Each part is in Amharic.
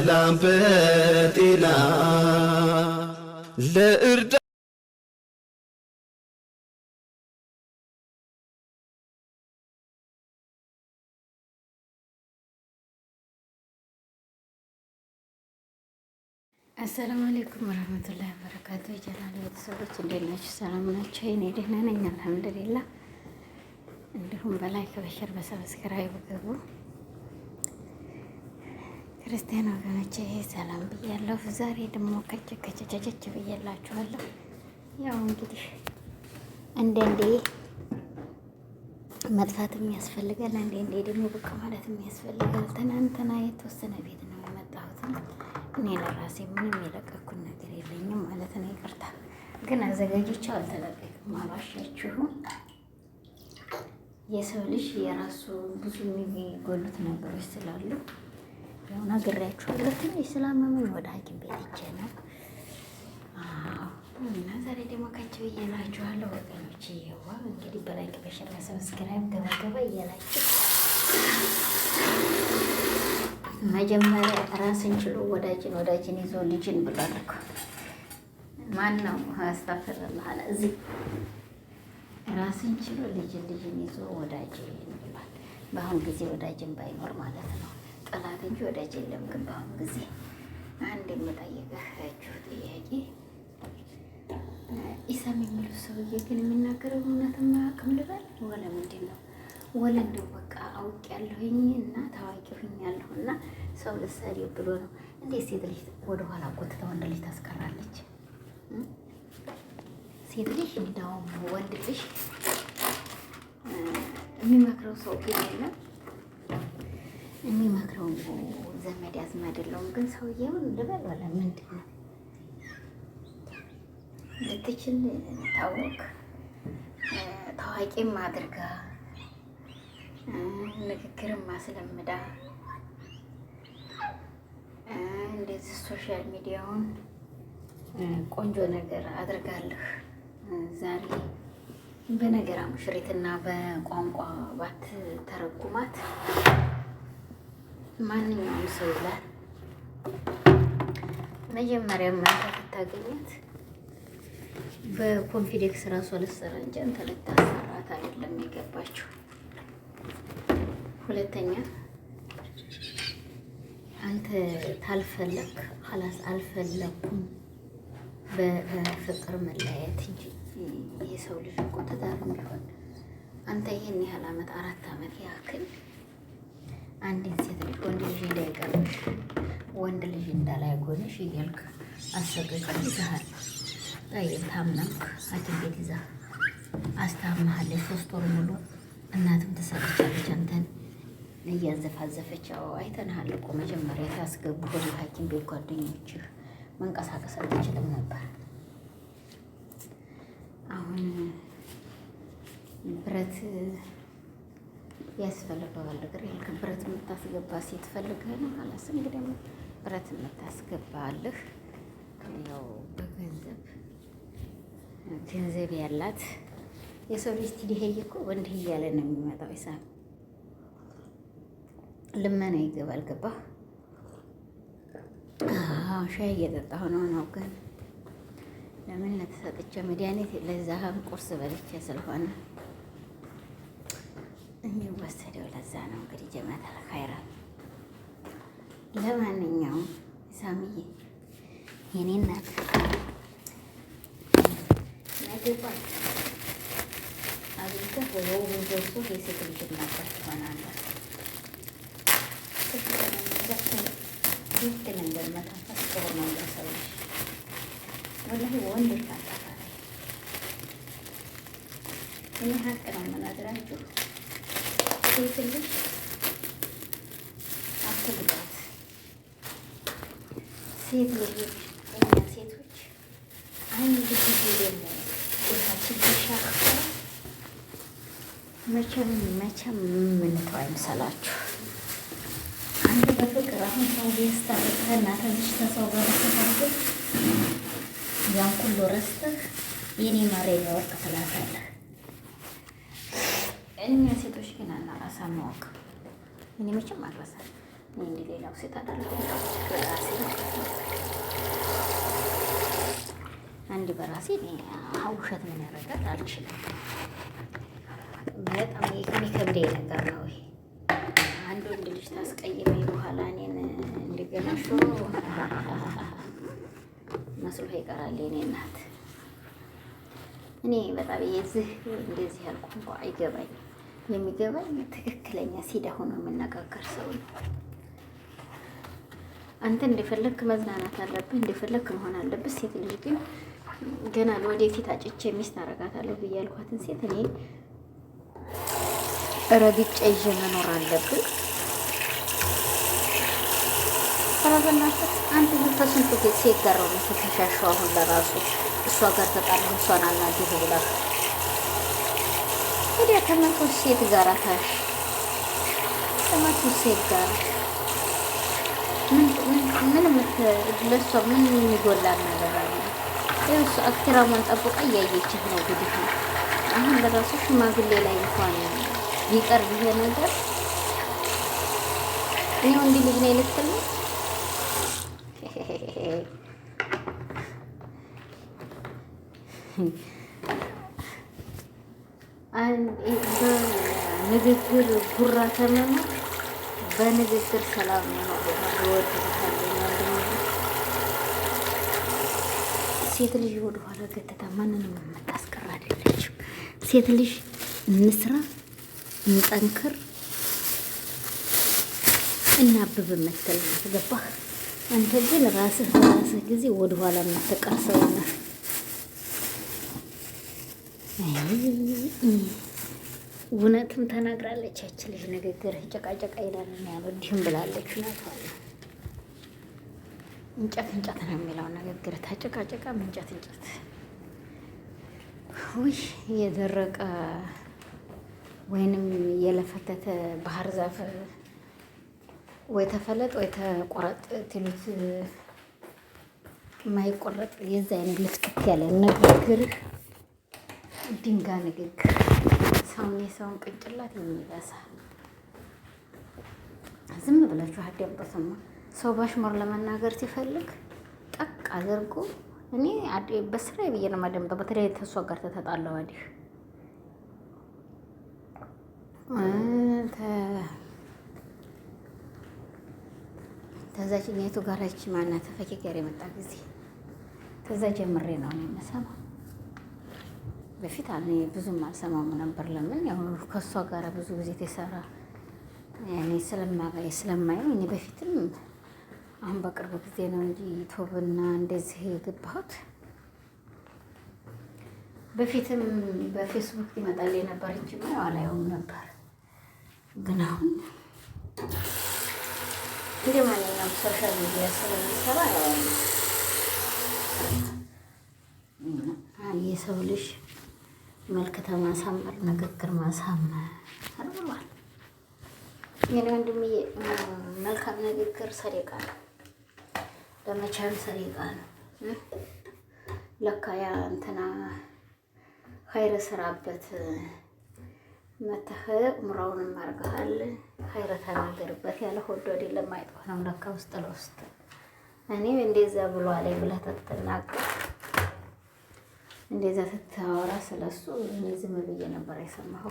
በሰላም በጤና ለእርዳ አሰላሙ አሌይኩም ወረህመቱላሂ ወበረካቱ። የጀላል ቤተሰቦች እንዴት ናችሁ? ሰላም ናቸው። እኔ ደህና ነኝ አልሐምዱሊላህ። እንዲሁም በላይክ በሸር በሰብስክራይብ ግቡ። ክርስቲያን ወገኖች ይሄ ሰላም ብያለሁ። ዛሬ ደግሞ ከች ከቸቸቸች ብያላችኋለሁ። ያው እንግዲህ አንዳንዴ መጥፋትም ያስፈልጋል፣ አንዳንዴ ደግሞ ብቅ ማለትም ያስፈልጋል። ትናንትና የተወሰነ ቤት ነው የመጣሁት። እኔ ለራሴ ምንም የለቀኩት ነገር የለኝም ማለት ነው። ይቅርታ ግን አዘጋጆቻው አልተለቀቅም፣ አልዋሻችሁም። የሰው ልጅ የራሱ ብዙ የሚጎሉት ነገሮች ስላሉ ያው ነግሬያችኋለሁ። ትንሽ ስላመመኝ ወደ ሐኪም ቤት ሂጄ ነው እና ዛሬ ደግሞ ካቸው እየላችኋለሁ ወገኖች። ይዋ እንግዲህ በላይክ በሸር ሰብስክራይብ ገባገባ እያላችሁ መጀመሪያ ራስን ችሎ ወዳጅን ወዳጅን ይዞ ልጅን ብሏል እኮ ማን ነው እዚህ ራስን ችሎ ልጅን ልጅን ይዞ ወዳጅን ብሏል። ጊዜ ወዳጅን ባይኖር ማለት ነው ጠላት እንጂ ወዳጅ የለም። ግን በአሁኑ ጊዜ አንድ የምጠይቀችሁ ጥያቄ ኢሳም የሚሉ ሰውዬ ግን የሚናገረው እውነት ማቅም ልበል ወለ ምንድን ነው ወለ እንደው በቃ አውቅ ያለሁኝ እና ታዋቂ ሁኝ ያለሁ እና ሰው ልሳሌ ብሎ ነው። እንዴት ሴት ልጅ ወደኋላ ጎትታ ወንድ ልጅ ታስቀራለች? ሴት ልጅ እንዳውም ወንድ ልጅ የሚመክረው ሰው ግን የለም የሚመክረው ዘመድ ያዝም አይደለውም። ግን ሰውዬው ልበል ወለ ምንድን ነው ልትችል ታወቅ ታዋቂም አድርጋ ንግግርም አስለምዳ እንደዚህ ሶሻል ሚዲያውን ቆንጆ ነገር አድርጋለህ። ዛሬ በነገር ሙሽሪትና በቋንቋ ባትተረጉማት ማንኛውም ሰው ይላል። መጀመሪያ ማታ ብታገኛት በኮንፊዴክስ ራሱ ልትሰራ እንጂ አንተ ልታሰራት አይደለም የገባችው። ሁለተኛ አንተ ታልፈለክ ላስ አልፈለኩም በፍቅር መለያየት እንጂ የሰው ልጅ እኮ ትዳር ቢሆን አንተ ይህን ያህል አመት አራት አመት ያክል አንዲት ሴት ልጅ ወንድ ልጅ እንዳይቀርብሽ ወንድ ልጅ እንዳላይጎንሽ እያልክ አሰቅቀህ ይዘሃል። ጠይብ ታምናምክ ሐኪም ቤት ይዘህ አስታምሃለች። ሶስት ወር ሙሉ እናትም ትሰጥቻለች። አንተን እያዘፋዘፈች አይተንሃል እኮ መጀመሪያ ታስገቡ ወደ ሐኪም ቤት ጓደኞችህ መንቀሳቀስ አትችልም ነበር። አሁን ብረት ያስፈልገዋል። ነገር ያልክ ብረት የምታስገባ ሴት ፈልገህ ነው ማለት እንግዲህ ደግሞ ብረት የምታስገባልህ ያው በገንዘብ ገንዘብ ያላት የሰው ልጅ ትዲሄይ እኮ ወንድ እያለ ነው የሚመጣው። ይሳ ልመና ይገባል። ገባህ? ሻይ እየጠጣሁ ነው ነው ግን ለምን ለተሰጥቼ መድኃኒት ለዛህም ቁርስ በልቼ ስለሆነ የወሰደው ለዛ ነው እንግዲህ ጀማተል ኸይራ። ለማንኛውም ሳምዬ የኔ እናት ያገባል አብልተ ወው ደርሶ የሴት ልጅ እናባት ትሆናለች። ግፍትን እንደመታፈስ ጥሩ ነው ለሰዎች ወላሂ ወንድ ሀቅ ነው የምነግራችሁ። አትይትልኝ አትልቃት። ሴት ልጆች እኛ ሴቶች አንድ ጊዜ ደግሞ ተሻክፈ መቼም መቼም አንድ በፍቅር አሁን ሰው ደስታ እና ተንሽ ተሰው ጋር ያን ሁሉ ረስተህ የኔ ማሬ ወርቅ ትላታለህ። እኛ ሴቶች ግን አናራሳ ማወቅ እኔ መቼም አረሳ እኔ እንደ ሌላው ሴት አደለም። በራሴ አንድ በራሴ ውሸት ምን ያደርጋል አልችልም። በጣም የሚከብደኝ ነገር ነው ይሄ። አንድ ወንድ ልጅ ታስቀይመኝ በኋላ እኔን እንደገና ሾ መስሎ ይቀራል። እኔ እናት እኔ በጣም የዚህ እንደዚህ ያልኩ አይገባኝም። የሚገባኝ ትክክለኛ ሲዳ ሆኖ የምነጋገር ሰው ነው። አንተ እንደፈለግክ መዝናናት አለብህ፣ እንደፈለግክ መሆን አለብህ። ሴት ልጅ ግን ገና ለወደፊት አጭቼ ሚስት አረጋታለሁ ብያልኳትን ሴት እኔ ረግጬ ይዤ መኖር አለብን። ረበናት አንድ ተስንቱ ሴት ጋር ነው ተሻሻው። አሁን ለራሱ እሷ ጋር ተጣላ እሷን አናዲሁ ብላ ወዲያ ከመቶ ሴት ጋር ታሽ ከመቶ ሴት ጋር ምን ለሷ ምን የሚጎላ ነገር አለ? እሱ አክራማን ጠብቃ እያየችህ ነው። እንግዲህ አሁን ለራሱ ሽማግሌ ላይ እንኳን ቢቀርብ ይሄ ነገር እኔ ወንድ ልጅ ነኝ ልትል ነው በንግግር ጉራ ተመኑ በንግግር ሰላም ነው ወድ ሴት ልጅ ወደኋላ ገተታ ማንንም የምታስቀር አይደለችም። ሴት ልጅ እንስራ፣ እንጠንክር እናብብ የምትል ገባህ? አንተ ግን ራስህ በራስህ ጊዜ ወደኋላ የምትቀር ሰው ነህ። እውነትም ተናግራለች። ያች ልጅ ንግግር ጨቃጨቃ ይላል ያሉ እንዲህም ብላለች። እውነት እንጨት እንጨት ነው የሚለው ንግግር ታጨቃጨቃም እንጨት እንጨት ውይ የደረቀ ወይንም የለፈተተ ባህር ዛፍ ወይ ተፈለጥ ወይ ተቆረጥ ትሉት የማይቆረጥ የዛ አይነት ልፍትት ያለ ንግግር ድንጋ ንግግር ሰውን የሰውን ቅጭላት የሚበሳ ዝም ብላችሁ አዳበሰማ ሰው ባሽሙር ለመናገር ሲፈልግ ጠቅ አድርጎ እኔ በስራ ብዬ ነው የማደምጠው። በተለይ ተሷ ጋር ተተጣለ ወዲህ ተዛችኛይቱ ጋራች ማና ተፈኪ ጋር የመጣ ጊዜ ተዛ ጀምሬ ነው እኔ የምሰማው በፊት እኔ ብዙም አልሰማም ነበር። ለምን ያው ከእሷ ጋር ብዙ ጊዜ ተሰራ ያኔ ስለማቀይ ስለማየው እኔ በፊትም አሁን በቅርብ ጊዜ ነው እንጂ ቶብና እንደዚህ የገባሁት። በፊትም በፌስቡክ ይመጣል የነበር እንጂ አላየውም ነበር። ግን አሁን እንደ ማንኛውም ሶሻል ሚዲያ ስለሚሰራ ያው የሰው ልጅ መልክተ ማሳመር፣ ንግግር ማሳመር ብሏል። የኔ ወንድምዬ መልካም ንግግር ሰሪቃ ነው፣ ለመቼም ሰሪቃ ነው። ለካ ያ እንትና ኸይር ስራበት መተህ ኡምራውንም አድርገሃል። ኸይረ ተናገርበት ያለ ሆዶ አይደለም አይጠፋ ለካ ውስጥ ለውስጥ እኔ እንደዛ ብሎ ብለህ ተናገር እንደዛ ስታወራ ስለሱ እኔ ዝም ብዬ ነበር የሰማሁ።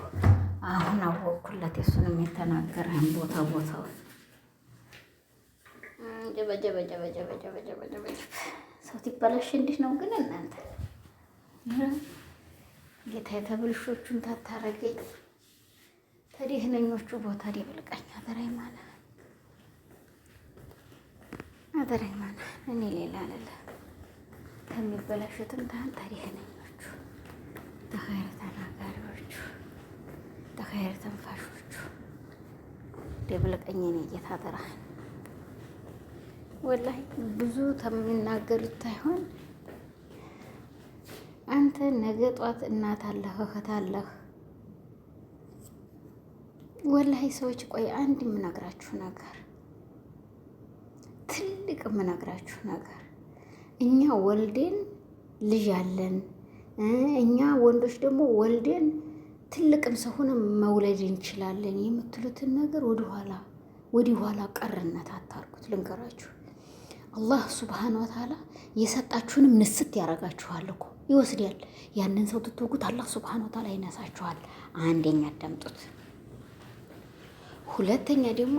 አሁን አወቅኩለት የሱንም የተናገረህን ቦታ ቦታው ጀበጀበጀበጀበጀበጀበጀበጀ ሰው ሲበላሽ እንዲህ ነው። ግን እናንተ ጌታ የተብልሾቹን ታታረገኝ ተዲህነኞቹ ቦታ ሊበልቀኝ አደራይ ማለ አደራይ ማለ እኔ ሌላ አለለ ከሚበላሹትም ታን ነኞቹ ተኸይር ተናጋሪዎቹ ተኸይር ተንፋሾቹ ደብለቀኝ እየታጠራ ጌታ ወላሂ ብዙ ተሚናገሩት ሳይሆን አንተ ነገ ጧት እናት አለህ እህት አለህ። ወላሂ ሰዎች ቆይ አንድ የምነግራችሁ ነገር ትልቅ የምነግራችሁ ነገር እኛ ወልዴን ልጅ አለን። እኛ ወንዶች ደግሞ ወልዴን ትልቅም ሰው ሆነን መውለድ እንችላለን የምትሉትን ነገር ወደኋላ ወዲኋላ ቀርነት አታርጉት። ልንገራችሁ አላህ ሱብሓነ ወተዓላ የሰጣችሁንም ንስት ያደርጋችኋል እኮ ይወስዳል። ያንን ሰው ትትወጉት አላህ ሱብሓነ ወተዓላ ይነሳችኋል። አንደኛ አዳምጡት፣ ሁለተኛ ደግሞ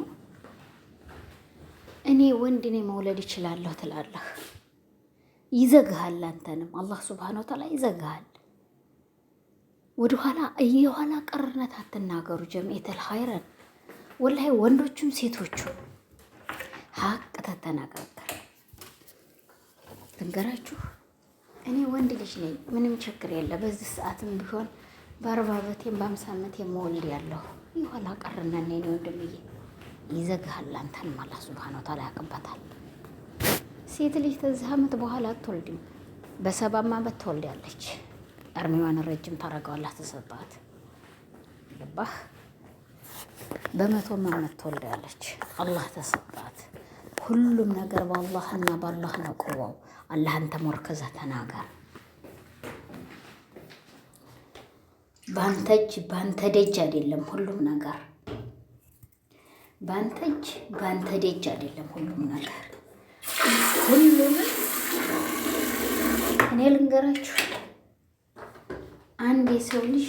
እኔ ወንድ እኔ መውለድ ይችላለሁ ትላለህ ይዘግሃል። አንተንም አላህ ስብሓነሁ ወተዓላ ይዘግሃል። ወደኋላ እየኋላ ቀርነት አትናገሩ። ጀምኤተል ሀይረን ወላሂ ወንዶቹም ሴቶቹ ሀቅ ተተናገርከር ትንገራችሁ። እኔ ወንድ ልጅ ነኝ፣ ምንም ችግር የለ። በዚህ ሰዓትም ቢሆን በአርባ ዓመቴም በአምሳ ዓመቴም መወልድ ያለሁ የኋላ ቀርነት ነኝ። ወንድምዬ ይዘግሃል። አንተንም አላህ ስብሓነሁ ወተዓላ ያቅበታል። ሴት ልጅ ተዚህ ዓመት በኋላ አትወልድም። በሰባም ዓመት ትወልዳለች። እርሜዋን ረጅም ታደርገዋለህ፣ ተሰጣት ልባህ በመቶም ዓመት ትወልዳለች። አላህ ተሰጣት። ሁሉም ነገር በአላህና በአላህ ነው። ቅዋው አላህን ተሞርከዘ ተናገር። ባንተ እጅ ባንተ ደጅ አይደለም ሁሉም ነገር፣ ባንተ እጅ ባንተ ደጅ አይደለም ሁሉም ነገር ሁሉንም እኔ ልንገራችሁ፣ አንድ የሰው ልጅ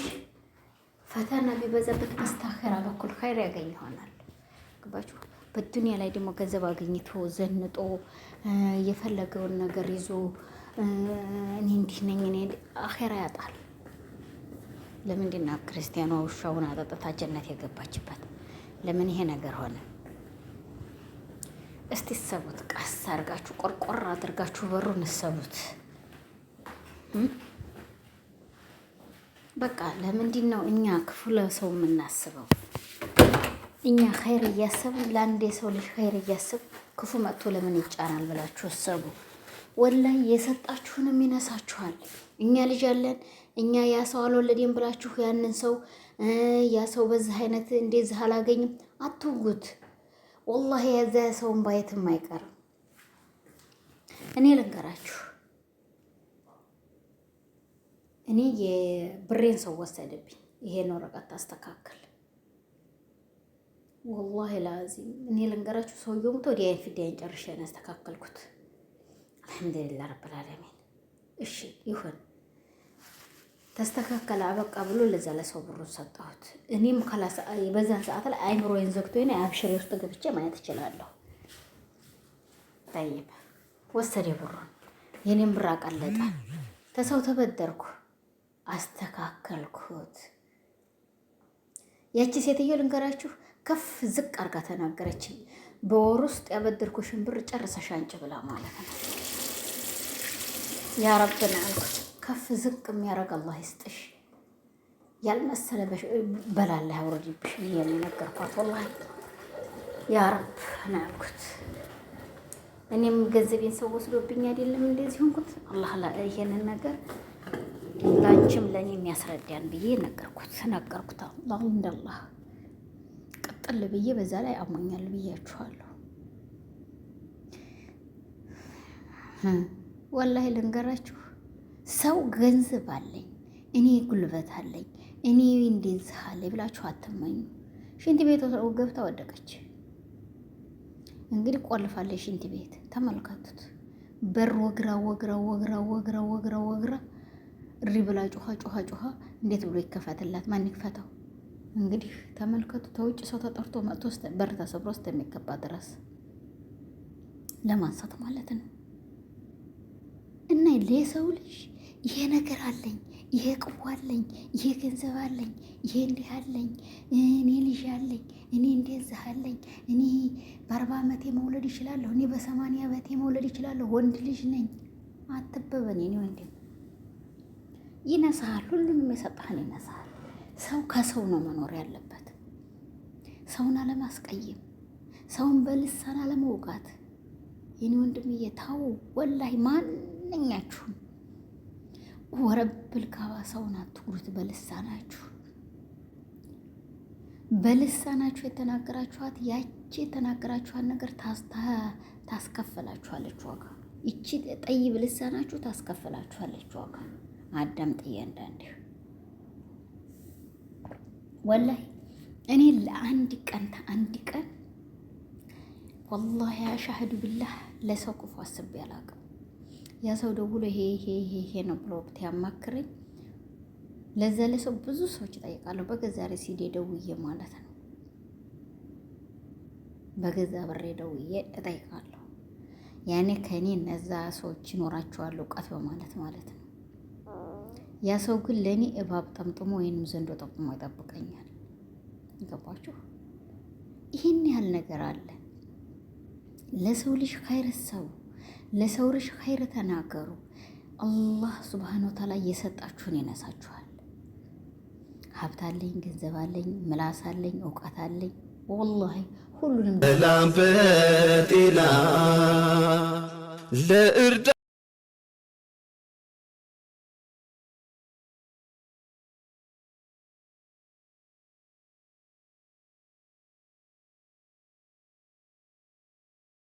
ፈተና ቢበዛበት በስተኸራ በኩል ኸይር ያገኝ ይሆናል። ግባችሁ በዱንያ ላይ ደግሞ ገንዘብ አግኝቶ ዘንጦ የፈለገውን ነገር ይዞ እኔ እንዲህ ነኝ እኔ አኸራ ያጣል። ለምንድን ነው ክርስቲያኗ ውሻውን አጠጥታ ጀነት የገባችበት? ለምን ይሄ ነገር ሆነ? እስቲ ሰቡት፣ ቀስ አድርጋችሁ ቆርቆር አድርጋችሁ በሩን ሰቡት። በቃ ለምንድን ነው እኛ ክፉ ለሰው የምናስበው? እኛ ኸይር እያሰብን ለአንድ የሰው ልጅ ኸይር እያሰብ ክፉ መጥቶ ለምን ይጫናል ብላችሁ ሰቡ ወላይ የሰጣችሁንም ይነሳችኋል። እኛ ልጅ አለን እኛ ያ ሰው አልወለደም ብላችሁ ያንን ሰው ያ ሰው በዚህ አይነት እንደዚህ አላገኝም አትውጉት። ወላሂ የዛ ሰውን ባየትም አይቀርም። እኔ ልንገራችሁ፣ እኔ የብሬን ሰው ወሰደብኝ። ይሄን ወረቀት ታስተካክል። ወላሂ ላዚም እኔ ልንገራችሁ፣ ሰውየው ሙቶ ወዲያን ፊዳያን ጨርሼ ነው ያስተካከልኩት። አልሐምዱሊላህ ረብል ዓለሚን። እሺ ይሁን ተስተካከለ አበቃ ብሎ ለዛ ለሰው ብሩ ሰጠሁት። እኔም በዛን ሰዓት ላይ አይምሮዬን ዘግቶ ነ አብሽሬ ውስጥ ገብቼ ማየት እችላለሁ። ይ ወሰደ ብሩን፣ የኔም ብር አቀለጠ። ተሰው ተበደርኩ፣ አስተካከልኩት። ያቺ ሴትዮ ልንገራችሁ ከፍ ዝቅ አርጋ ተናገረችኝ። በወር ውስጥ ያበደርኩሽን ብር ጨርሰሽ አንጭ ብላ ማለት ነው። ያ አልኩት ከፍ ዝቅ የሚያደርግ አላህ ይስጥሽ። ያልመሰለ በላለ ያውረድብሽ ብዬ ነገርኳት። ወላሂ ያ ረብ ነው ያልኩት። እኔም ገንዘቤን ሰው ወስዶብኝ አይደለም እንደዚህ ሆንኩት። አላህ ይሄንን ነገር ላንቺም ለእኔ የሚያስረዳን ብዬ ነገርኩት ነገርኩት። አላሁ እንዳላህ ቅጥል ብዬ በዛ ላይ አሞኛል ብያችኋለሁ። ወላሂ ልንገራችሁ ሰው ገንዘብ አለኝ እኔ ጉልበት አለኝ እኔ እንደዚህ አለኝ ብላችሁ አትመኙ። ሽንት ቤት ገብታ ወደቀች። እንግዲህ ቆልፋለች ሽንት ቤት ተመልከቱት። በር ወግራ ወግራ ወግራ ወግራ ወግራ ወግራ እሪ ብላ ጩኸ ጩኸ ጩኸ እንዴት ብሎ ይከፈትላት? ማን ይክፈተው? እንግዲህ ተመልከቱ። ተውጭ ሰው ተጠርቶ መጥቶ በር ተሰብሮ እስከሚገባ ድረስ ለማንሳት ማለት ነው እና ለሰው ልጅ ይሄ ነገር አለኝ፣ ይሄ ቅቡ አለኝ፣ ይሄ ገንዘብ አለኝ፣ ይሄ እንዲህ አለኝ፣ እኔ ልጅ አለኝ፣ እኔ እንደዚህ አለኝ፣ እኔ በአርባ ዓመቴ መውለድ ይችላለሁ፣ እኔ በሰማንያ ዓመቴ መውለድ ይችላለሁ፣ ወንድ ልጅ ነኝ አትበበን። ኔ ወንድም ይነሳሃል፣ ሁሉንም የሰጠህን ይነሳሃል። ሰው ከሰው ነው መኖር ያለበት፣ ሰውን አለማስቀየም፣ ሰውን በልሳን አለመውጋት። የኔ ወንድም እየታው ወላይ ማንኛችሁም ወረብል ካባ ሰውን አትጉሩት በልሳናችሁ በልሳናችሁ የተናገራችኋት ያቺ የተናገራችኋት ነገር ታስከፈላችኋለች ዋጋ። ይቺ ጠይብ ልሳናችሁ ታስከፈላችኋለች ዋጋ። አዳም ጥዬ አንዳንዴ ወላሂ እኔ ለአንድ ቀን አንድ ቀን ወላሂ አሻህዱ ብላህ ለሰው ክፉ አስቤ አላውቅም። ያ ሰው ደውሎ ይሄ ይሄ ይሄ ይሄ ነው ብሎ ያማክረኝ። ለዛ ለሰው ብዙ ሰዎች እጠይቃለሁ። በገዛ ሬሲዴ ደውዬ ማለት ነው። በገዛ ብሬ ደውዬ እጠይቃለሁ። ያኔ ከእኔ እነዛ ሰዎች ይኖራቸዋል እውቀት በማለት ማለት ነው። ያ ሰው ግን ለእኔ እባብ ጠምጥሞ ወይንም ዘንዶ ጠቁሞ ይጠብቀኛል። ገባችሁ? ይህን ያህል ነገር አለ ለሰው ልጅ ካይረሳው ለሰው ልጅ ኸይር ተናገሩ። አላህ ስብሓን ወተዓላ እየሰጣችሁን ይነሳችኋል። ሀብት አለኝ፣ ገንዘብ አለኝ፣ ምላስ አለኝ፣ እውቀት አለኝ። ወላሂ ሁሉንም